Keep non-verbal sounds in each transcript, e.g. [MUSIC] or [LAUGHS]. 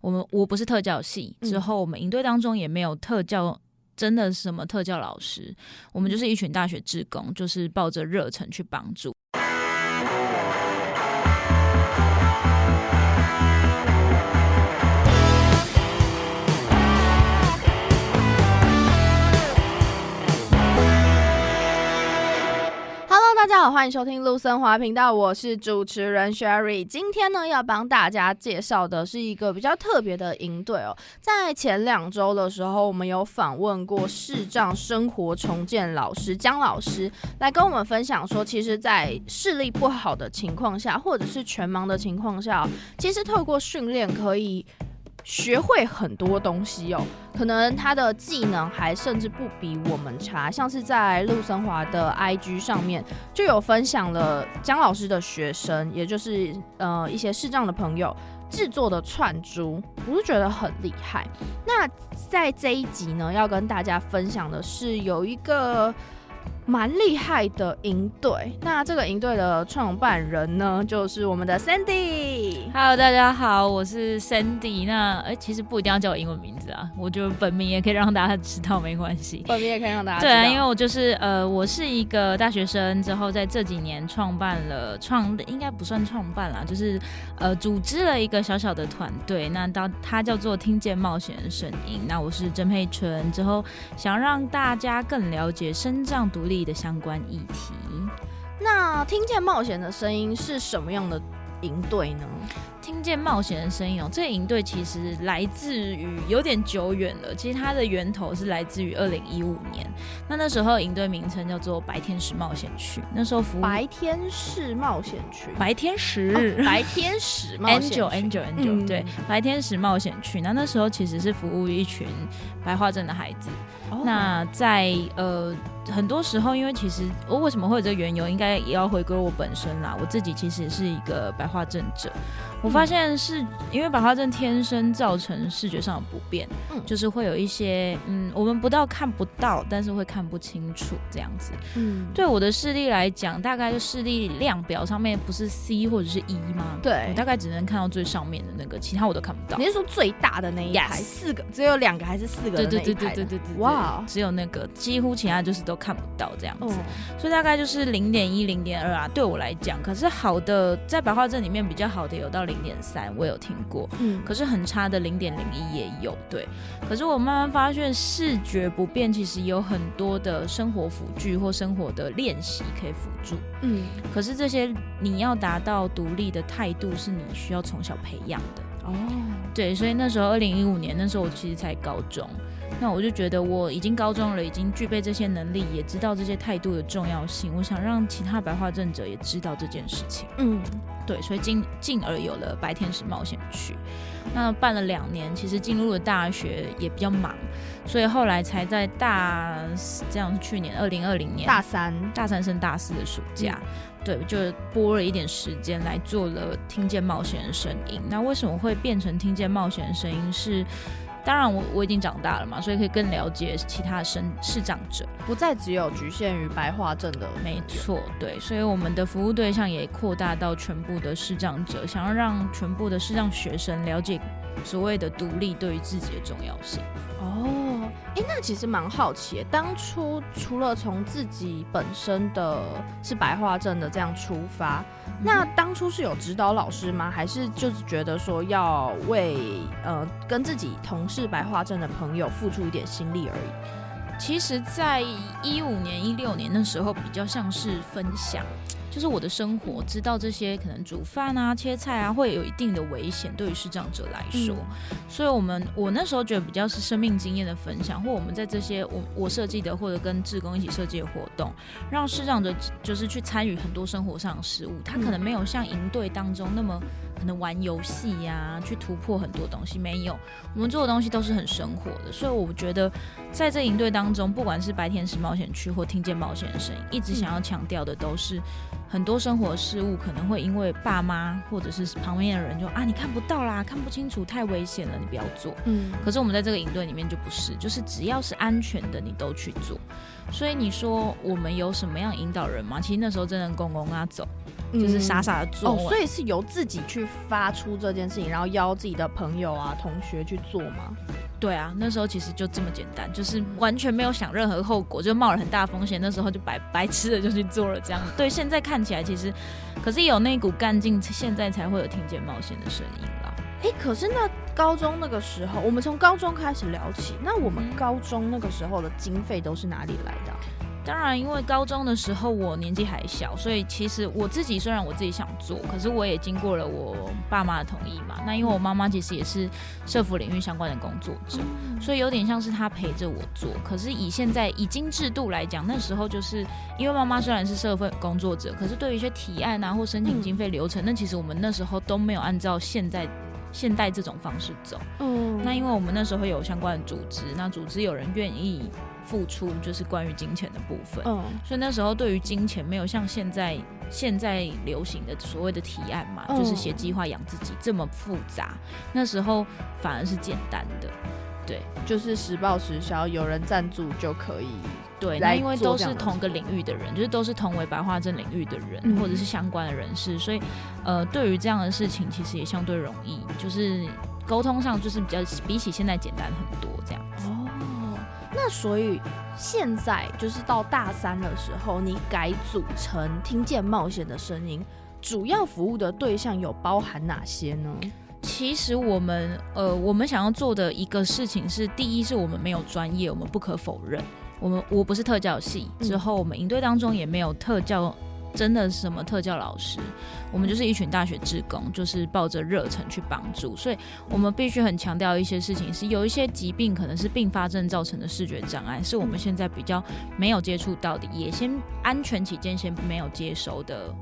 我們我不是特教系，之後我們營隊當中也沒有特教，真的什麼特教老師，我們就是一群大學志工，就是抱着熱忱去幫助。大家好，歡迎收聽路森華頻道，我是主持人 Sherry。今天呢，要幫大家介紹的是一個比較特別的營隊哦。在前兩周的時候，我們有訪問過視障生活重建老師江老師，來跟我們分享說，其實，在視力不好的情況下，或者是全盲的情況下喔，其實透過訓練可以。學會很多東西哦、喔，可能他的技能還甚至不比我們差。像是在路森華的 IG 上面，就有分享了江老師的學生，也就是呃一些視障的朋友製作的串珠，我是覺得很厲害。那在這一集呢，要跟大家分享的是有一個。蠻厲害的營隊，那這個營隊的創辦人呢，就是我們的 Sandy。Hello，大家好，我是 Sandy。那、欸、哎，其實不一定要叫我英文名字啊，我就本名也可以讓大家知道，沒關係，本名也可以讓大家知道。對啊，因為我就是呃，我是一個大學生，之後在這幾年創辦了創，應該不算創辦啦，就是呃，組織了一個小小的團隊。那當他叫做“聽見冒險的聲音”，那我是甄佩純，之後想讓大家更了解視障獨立的相關議題，那聽見冒險的聲音是什麼樣的營隊呢？聽見冒險的聲音哦、喔，這個營隊其實來自於有點久遠了，其實它的源頭是來自於二零一五年。那那時候營隊名稱叫做“白天使冒險區”，那時候服務“白天使冒險區”“白天使”“白天使冒險區 ”“Angel Angel Angel” 對，“白天使冒險區”。那那時候其實是服務一群白化症的孩子。Oh. 那在呃。很多時候，因為其實我為什麼會有這個緣由，應該也要回歸我本身啦。我自己其實是一個白化症者。我發現是因為白化症天生造成視覺上的不便，嗯，就是會有一些，嗯，我們不到看不到，但是會看不清楚這樣子，嗯，對我的視力來講，大概就視力量表上面不是 C 或者是 E 嗎？對，我大概只能看到最上面的那個，其他我都看不到。你是說最大的那一排？Yes, 四個，只有兩個還是四個？對對對對對對對，哇 Wow，只有那個，幾乎其他就是都看不到這樣子，嗯、所以大概就是零點一、零點二啊，對我來講，可是好的，在白化症裡面比較好的有到。零點三，我有聽過，嗯，可是很差的零點零一也有，對。可是我慢慢發現，視覺不便，其實有很多的生活輔具或生活的練習可以輔助，嗯。可是這些，你要達到獨立的態度，是你需要從小培養的。哦，對，所以那時候二零一五年，那時候我其實才高中。那我就覺得我已經高中了，已經具備這些能力，也知道這些態度的重要性。我想讓其他白化症者也知道這件事情。嗯，對，所以進進而有了《白天使冒險去》。那辦了兩年，其實進入了大學也比較忙，所以後來才在大這樣去年二零二零年大三大三升大四的暑假，嗯、對，就撥了一點時間來做了《聽見冒險的聲音》。那為什麼會變成《聽見冒險的聲音》是？當然我，我我已經長大了嘛，所以可以更了解其他身視障者，不再只有局限於白化症的。沒錯，對，所以我們的服務對象也擴大到全部的視障者，想要讓全部的視障學生了解所謂的獨立對於自己的重要性。哦。誒、欸，那其實蠻好奇，當初除了從自己本身的是白化症的這樣出發，那當初是有指導老師嗎？還是就是覺得說要為呃跟自己同是白化症的朋友付出一點心力而已？其實，在一五年、一六年的時候，比較像是分享。就是我的生活，知道這些可能煮飯啊、切菜啊，會有一定的危險對於視障者來說。嗯、所以，我們我那時候覺得比較是生命經驗的分享，或我們在這些我我設計的或者跟志工一起設計的活動，讓視障者就是去參與很多生活上的事物。他可能沒有像營隊當中那麼可能玩遊戲呀，去突破很多東西。沒有，我們做的東西都是很生活的。所以，我覺得在這營隊當中，不管是白天使冒險區或聽見冒險的聲音，一直想要強調的都是。很多生活的事物可能會因為爸媽或者是旁邊的人就說啊，你看不到啦，看不清楚，太危險了，你不要做。嗯，可是我們在這個營隊裡面就不是，就是只要是安全的，你都去做。所以你說我們有什麼樣引導人嗎？其實那時候真的公公啊走，就是傻傻的做，嗯。哦，所以是由自己去發出這件事情，然後邀自己的朋友啊同學去做嗎？對啊，那時候其實，就這麼簡單，就是完全沒有想任何後果，就冒了很大風險。那時候就白白痴的就去做了，這樣。對，現在看起來其實，可是有那股幹勁，現在才會有聽見冒險的聲音啦。誒，可是那高中那個時候，我們從高中開始聊起，那我們高中那個時候的經費都是哪裡來的啊？當然，因為高中的時候我年紀還小，所以其實我自己雖然我自己想做，可是我也經過了我爸媽的同意嘛。那因為我媽媽其實也是社服領域相關的工作者，所以有點像是她陪着我做。可是以現在已經制度來講，那時候就是因為媽媽雖然是社會工作者，可是對於一些提案啊或申請經費流程，嗯、那其實我們那時候都沒有按照現在現代這種方式走。嗯，那因為我們那時候有相關的組織，那組織有人願意。付出就是關於金錢的部分，oh. 所以那時候對於金錢沒有像現在現在流行的所謂的提案嘛，oh. 就是寫計劃養自己這麼複雜，那時候反而是簡單的，對，就是實報實銷，有人贊助就可以，對，那因為都是同個領域的人，的就是都是同為白化症領域的人、嗯、或者是相關的人士，所以呃，對於這樣的事情其實也相對容易，就是溝通上就是比較比起現在簡單很多，這樣。所以現在就是到大三的時候，你改組成聽見冒險的聲音，主要服務的對象有包含哪些呢？其實我們呃，我們想要做的一個事情是，第一是我們沒有專業，我們不可否認，我們我不是特教系，之後我們營隊當中也沒有特教。真的是什麼特教老師，我們就是一群大學志工，就是抱着熱忱去幫助，所以我們必須很強調一些事情，是有一些疾病可能是併發症造成的視覺障礙，是我們現在比較沒有接觸到的，也先安全起見，先沒有接收的。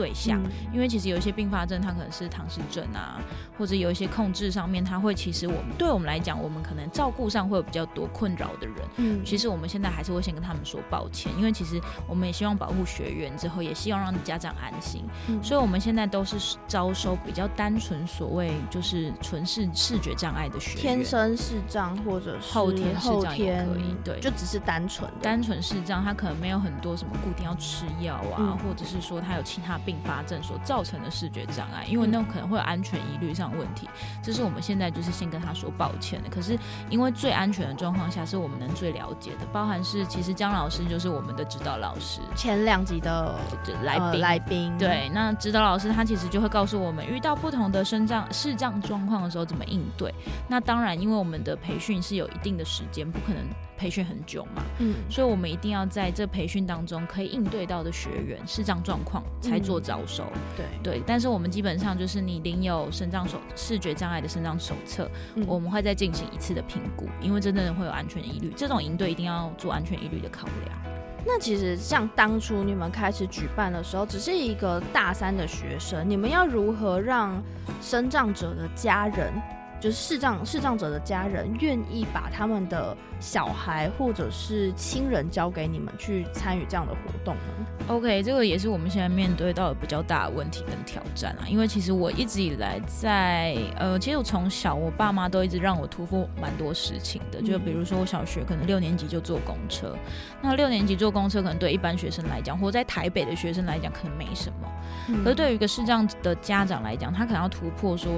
對象，嗯、因為其實有一些併發症，它可能是唐氏症啊，或者有一些控制上面，它會其實我們對我們來講，我們可能照顧上會有比較多困擾的人。嗯，其實我們現在還是會先跟他們說抱歉，因為其實我們也希望保護學員，之後也希望讓家長安心。嗯，所以我們現在都是招收比較單純，所謂就是純視視覺障礙的學員，天生視障或者是後天後天也可以，對，就只是單純單純視障，他可能沒有很多什麼固定要吃藥啊，嗯嗯、或者是說他有其他病。併發症所造成的視覺障礙，因為那種可能會有安全疑慮上的問題，這是我們現在就是先跟他說抱歉的。可是因為最安全的狀況下是我們能最了解的，包含是其實姜老師就是我們的指導老師，前兩集的、的來賓、呃、來賓。對，那指導老師他其實就會告訴我們，遇到不同的身障視障狀況的時候怎麼應對。那當然，因為我們的培訓是有一定的時間，不可能。培訓很久嘛，嗯，所以我們一定要在這培訓當中可以應對到的學員、嗯、視障狀況才做招收、嗯，對對。但是我們基本上就是你領有視障手視覺障礙的視障手冊，嗯、我們會再進行一次的評估，因為真的會有安全疑慮，這種應對一定要做安全疑慮的考量。那其實像當初你們開始舉辦的時候，只是一個大三的學生，你們要如何讓視障者的家人？就是視障視障者的家人願意把他們的小孩或者是親人交給你們去參與這樣的活動嗎？OK，這個也是我們現在面對到的比較大的問題跟挑戰啊。因為其實我一直以來在呃，其實我從小我爸媽都一直讓我突破蠻多事情的。嗯、就比如說我小學可能六年級就坐公車，那六年級坐公車可能對一般學生來講，或者在台北的學生來講可能沒什麼，可是、嗯、對於一個視障的家長來講，他可能要突破說。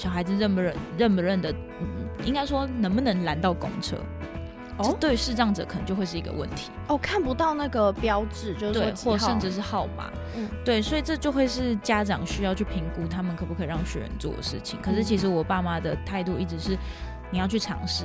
小孩子認不認認不認得，嗯，應該說能不能攔到公車？哦，對，視障者可能就會是一個問題。哦，看不到那個標誌，就是或甚至是號碼，嗯，對，所以這就會是家長需要去評估他們可不可以讓學員做的事情。可是其實我爸媽的態度一直是，你要去嘗試。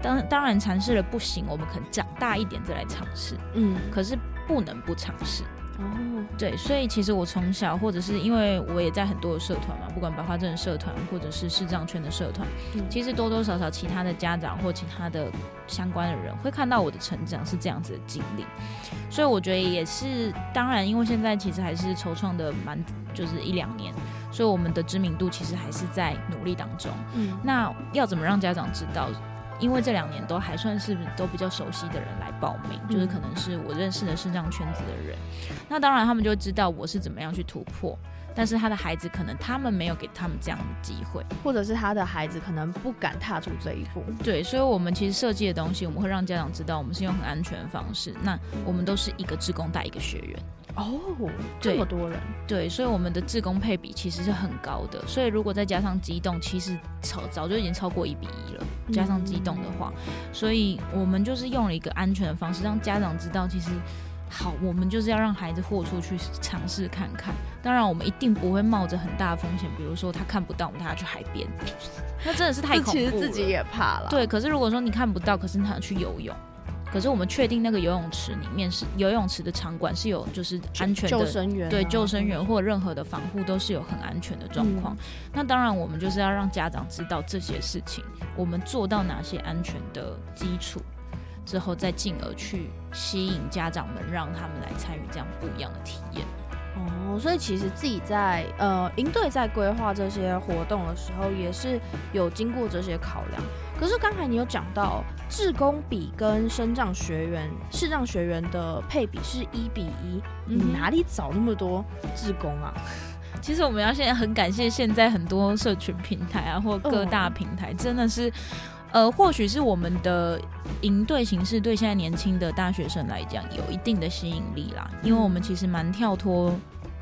當當然嘗試了不行，我們可能長大一點再來嘗試，嗯，可是不能不嘗試。哦，嗯、對，所以其實我從小，或者是因為我也在很多的社團嘛，不管白化症的社團，或者是視障圈的社團，嗯、其實多多少少其他的家長或其他的相關的人會看到我的成長是這樣子的經歷，所以我覺得也是。當然，因為現在其實還是籌創的蠻，就是一兩年，所以我們的知名度其實還是在努力當中。嗯，那要怎麼讓家長知道？因為這兩年都還算是都比較熟悉的人來報名，就是可能是我認識的是這樣圈子的人，那當然他們就知道我是怎麼樣去突破，但是他的孩子可能他們沒有給他們這樣的機會，或者是他的孩子可能不敢踏出這一步。對，所以我們其實設計的東西，我們會讓家長知道，我們是用很安全的方式。那我們都是一個志工帶一個學員。哦，oh, 對這麼多人，對，所以我們的志工配比其實是很高的，所以如果再加上機動，其實超早就已經超過一比一了。加上機動的話，嗯、所以我們就是用了一個安全的方式，讓家長知道，其實好，我們就是要讓孩子豁出去嘗試看看。當然，我們一定不會冒着很大的風險，比如說他看不到，我們帶他去海邊， [LAUGHS] 那真的是太恐怖了。其實自己也怕了。對，可是如果說你看不到，可是他想去游泳。可是我們確定那個游泳池裡面是游泳池的場館是有就是安全的，啊、對，救生員或任何的防護都是有很安全的狀況。嗯、那當然，我們就是要讓家長知道這些事情，我們做到哪些安全的基礎之後，再進而去吸引家長們，讓他們來參與這樣不一樣的體驗。哦，所以其實自己在呃營隊在規劃這些活動的時候，也是有經過這些考量。可是剛才你有講到，志工比跟視障學員、視障學員的配比是一比一，嗯哼，你哪裡找那麼多志工啊？其實我們要現在很感謝現在很多社群平台啊，或各大平台，嗯、真的是，呃，或許是我們的營隊形式對現在年輕的大學生來講有一定的吸引力啦，因為我們其實蠻跳脫。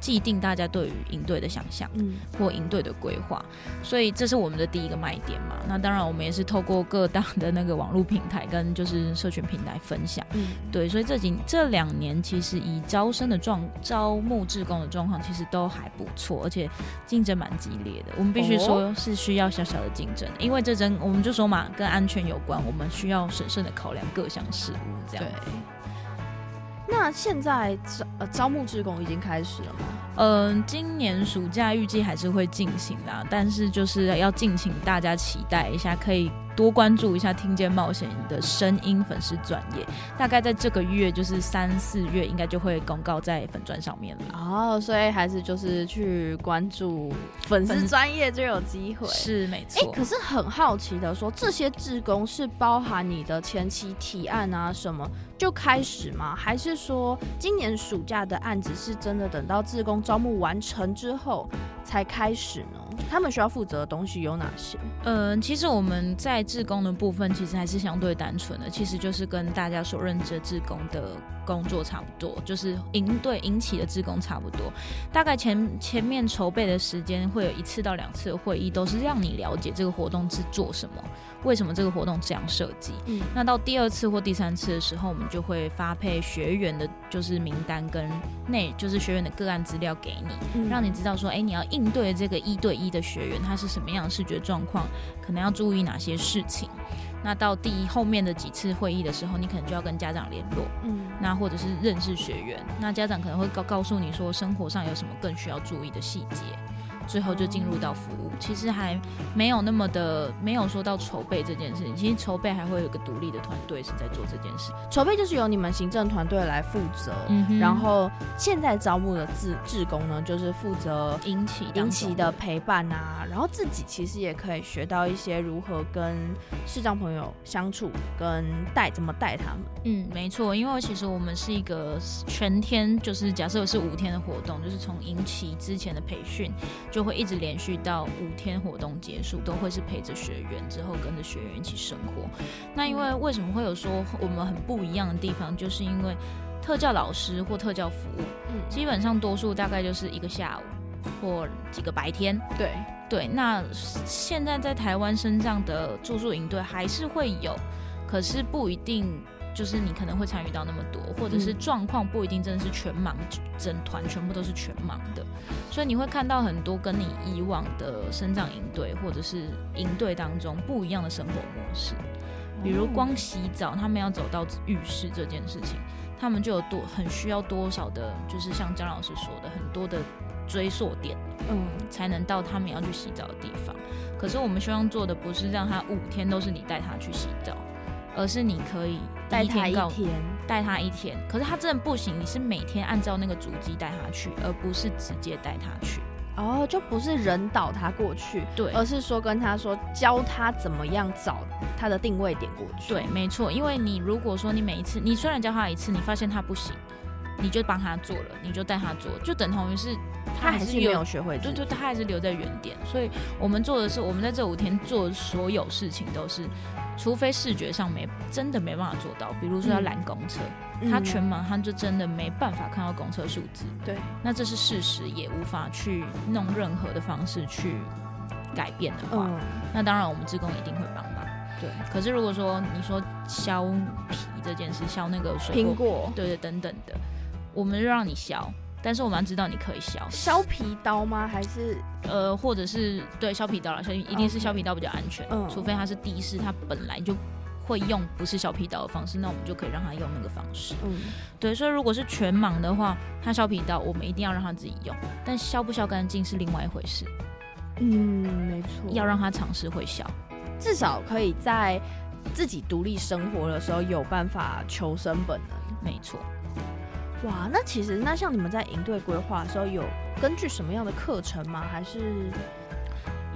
既定大家對於營隊的想象，嗯，或營隊的規劃，所以這是我們的第一個賣點嘛。那當然，我們也是透過各大的那個網絡平台跟就是社群平台分享。嗯，對，所以這幾這兩年，其實以招生的狀招募志工的狀況，其實都還不錯，而且競爭蠻激烈的。我們必須說是需要小小的競爭，因為這真我們就說嘛，跟安全有關，我們需要審慎的考量各項事物。這樣，對。那現在招招募志工已經開始了嗎？嗯、呃，今年暑假預計還是會進行的，啊，但是就是要敬請大家期待一下，可以。多關注一下，聽見冒險的聲音粉絲專頁，大概在這個月，就是三四月，應該就會公告在粉專上面了。哦，所以還是就是去關注粉絲專頁就有機會？是沒錯。欸，可是很好奇的說，這些志工是包含你的前期提案啊什麼就開始嗎？還是說今年暑假的案子是真的等到志工招募完成之後才開始呢？他們需要負責的東西有哪些？嗯、呃，其實我們在志工的部分，其實還是相對單純的，其實就是跟大家所認知的志工的工作差不多，就是應對引起的志工差不多。大概前前面籌備的時間會有一次到兩次的會議，都是讓你了解這個活動是做什麼，為什麼這個活動這樣設計。嗯，那到第二次或第三次的時候，我們就會發配學員的，就是名單跟那，就是學員的個案資料給你，嗯、讓你知道說，哎、欸，你要應對這個一對一。一的學員，他是什麼樣的視覺狀況？可能要注意哪些事情？那到第一後面的幾次會議的時候，你可能就要跟家長聯絡，嗯，那或者是認識學員，那家長可能會告告訴你說，生活上有什麼更需要注意的細節。最後就進入到服務，其實還沒有那麼的沒有說到籌備這件事情。其實籌備還會有一個獨立的團隊是在做這件事，籌備就是由你們行政團隊來負責。嗯哼。然後現在招募的志工呢，就是負責營期營期的陪伴啊，然後自己其實也可以學到一些如何跟視障朋友相處，跟帶怎麼帶他們。嗯，沒錯，因為其實我們是一個全天，就是假設是五天的活動，就是從營期之前的培訓，就會一直連續到五天活動結束，都會是陪着學員，之後跟着學員一起生活。那因為為什麼會有說我們很不一樣的地方，就是因為特教老師或特教服務，嗯，基本上多數大概就是一個下午或幾個白天。對對，那現在在台灣身上的住宿營隊還是會有，可是不一定。就是你可能會參與到那麼多，或者是狀況不一定真的是全盲，嗯、整團全部都是全盲的，所以你會看到很多跟你以往的身障營隊或者是營隊當中不一樣的生活模式。比如光洗澡，嗯、他們要走到浴室這件事情，他們就有多很需要多少的，就是像江老師說的，很多的追溯點，嗯，才能到他們要去洗澡的地方。可是我們希望做的不是讓他五天都是你帶他去洗澡。而是你可以帶他一天，帶他一天，可是他真的不行。你是每天按照那個足跡帶他去，而不是直接帶他去。哦，就不是人導他過去，對，而是說跟他說教他怎麼樣找他的定位點過去。對，沒錯。因為你如果說你每一次，你雖然教他一次，你發現他不行，你就幫他做了，你就帶他做，就等同於是他還是有，他還是沒有學會。對對，他還是留在原點。所以我們做的是，我們在這五天做的所有事情都是。除非視覺上沒真的沒辦法做到，比如說要攔公車，嗯、他全盲，嗯、他就真的沒辦法看到公車數字。對，那這是事實，也無法去弄任何的方式去改變的話，嗯、那當然我們志工一定會幫忙。對，可是如果說你說削皮這件事，削那個水果，果對對等等的，我們就讓你削。但是我們要知道你可以削，削皮刀嗎？還是呃，或者是對削皮刀啦，削一定是削皮刀比較安全。嗯。Okay. 除非他是第一是他本來就會用，不是削皮刀的方式，那我們就可以讓他用那個方式。嗯。對，所以如果是全盲的話，他削皮刀，我們一定要讓他自己用。但削不削乾淨是另外一回事。嗯，沒錯。要讓他嘗試會削，至少可以在自己獨立生活的時候有辦法求生本能。沒錯。哇，那其實那像你們在營隊規劃的時候，有根據什麼樣的課程嗎？還是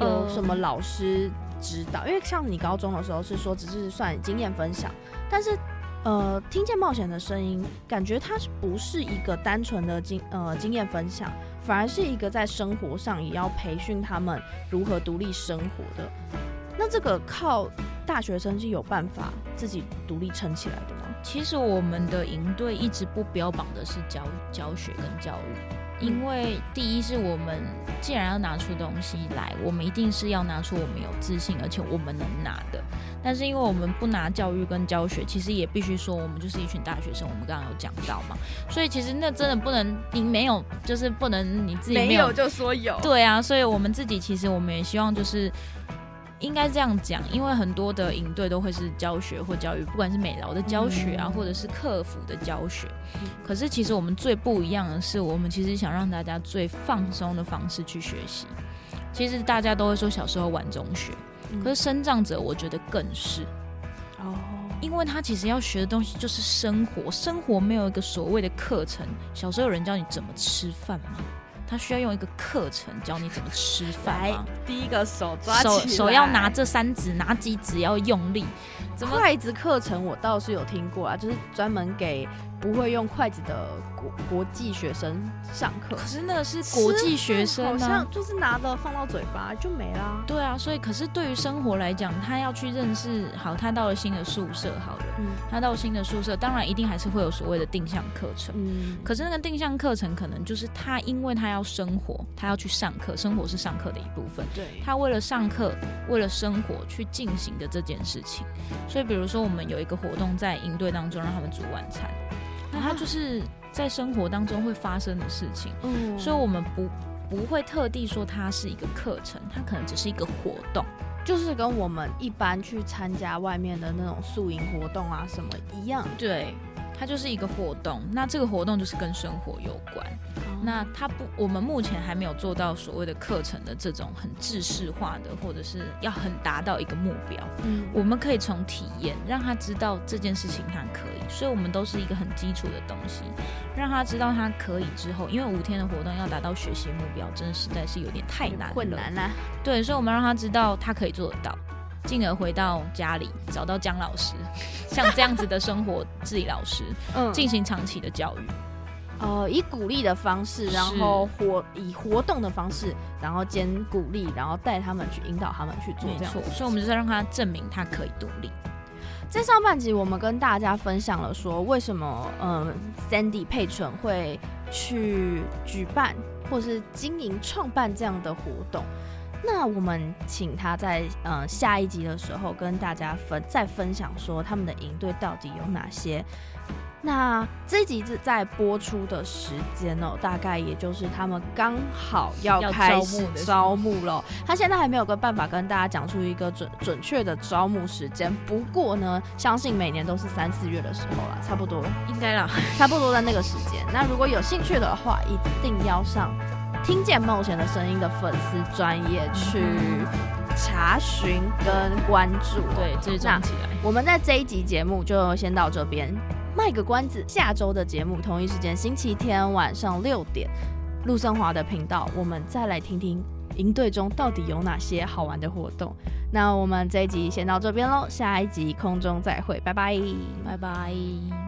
有什麼老師指導？呃、因為像你高中的時候是說只是算經驗分享，但是呃，聽見冒險的聲音，感覺它不是一個單純的經呃經驗分享，反而是一個在生活上也要培訓他們如何獨立生活的。那這個靠大學生是有辦法自己獨立撐起來的嗎？其實我們的營隊一直不標榜的是教教學跟教育，因為第一是我們既然要拿出東西來，我們一定是要拿出我們有自信，而且我們能拿的。但是因為我們不拿教育跟教學，其實也必須說我們就是一群大學生。我們剛剛有講到嘛，所以其實那真的不能，你沒有就是不能你自己沒有，沒有就說有對啊，所以我們自己其實我們也希望就是。應該這樣講，因為很多的營隊都會是教學或教育，不管是美勞的教學啊，或者是客服的教學。嗯、可是其實我們最不一樣的是，我們其實想讓大家最放鬆的方式去學習。其實大家都會說小時候玩中學，可是視障者我覺得更是哦。嗯、因為他其實要學的東西就是生活，生活沒有一個所謂的課程。小時候有人教你怎麼吃飯嗎？他需要用一個課程教你怎麼吃飯嗎？ [LAUGHS] 第一個手抓手手要拿這三指，拿幾指要用力？怎麼筷子課程我倒是有聽過啊，就是專門給不會用筷子的國國際學生上課，可是那是國際學生，啊，好像就是拿的放到嘴巴就沒啦。對啊，所以可是對於生活來講，他要去認識好，他到了新的宿舍好了，嗯、他到新的宿舍，當然一定還是會有所謂的定向課程。嗯，可是那個定向課程可能就是他因為他要生活，他要去上課，生活是上課的一部分。對，他為了上課，為了生活去進行的這件事情。所以比如說我們有一個活動在營隊當中，讓他們煮晚餐。它就是在生活當中會發生的事情，嗯，所以我們不不會特地說它是一個課程，它可能只是一個活動，就是跟我們一般去參加外面的那種宿營活動啊什麼一樣，對。它就是一個活動，那這個活動就是跟生活有關。那它不，我們目前還沒有做到所謂的課程的這種很制式化的，或者是要很達到一個目標。嗯，我們可以從體驗讓他知道這件事情他可以。所以，我們都是一個很基礎的東西，讓他知道他可以之後，因為五天的活動要達到學習目標，真的實在是有點太難了，太困難了啊。對，所以我們讓他知道他可以做得到。進而回到家裡，找到姜老師，像這樣子的生活 [LAUGHS] 自理老師，進行長期的教育。嗯、呃，以鼓勵的方式，然後活以活動的方式，然後兼鼓勵，然後帶他們去引導他們去做，沒錯。所以我們就是讓他證明他可以獨立。獨立在上半集，我們跟大家分享了說，為什麼嗯、呃，Sandy 佩純會去舉辦或是經營創辦這樣的活動。那我們請他在嗯、呃、下一集的時候，跟大家分再分享說他們的營隊到底有哪些。那這集在播出的時間哦，大概也就是他們剛好要開始要招募的時候，招募了。他現在還沒有個辦法跟大家講出一個準準確的招募時間。不過呢，相信每年都是三四月的時候啦，差不多應該啦， [LAUGHS] 差不多在那個時間。那如果有興趣的話，一定要上。聽見冒險的聲音的粉絲，專業去查詢跟關注。啊，對，就是這樣起來。我們在這一集節目就先到這邊，賣個關子，下周的節目同一時間，星期天晚上六點，路森華的頻道，我們再來聽聽營隊中到底有哪些好玩的活動。那我們這一集先到這邊嘍，下一集空中再會，拜拜，拜拜。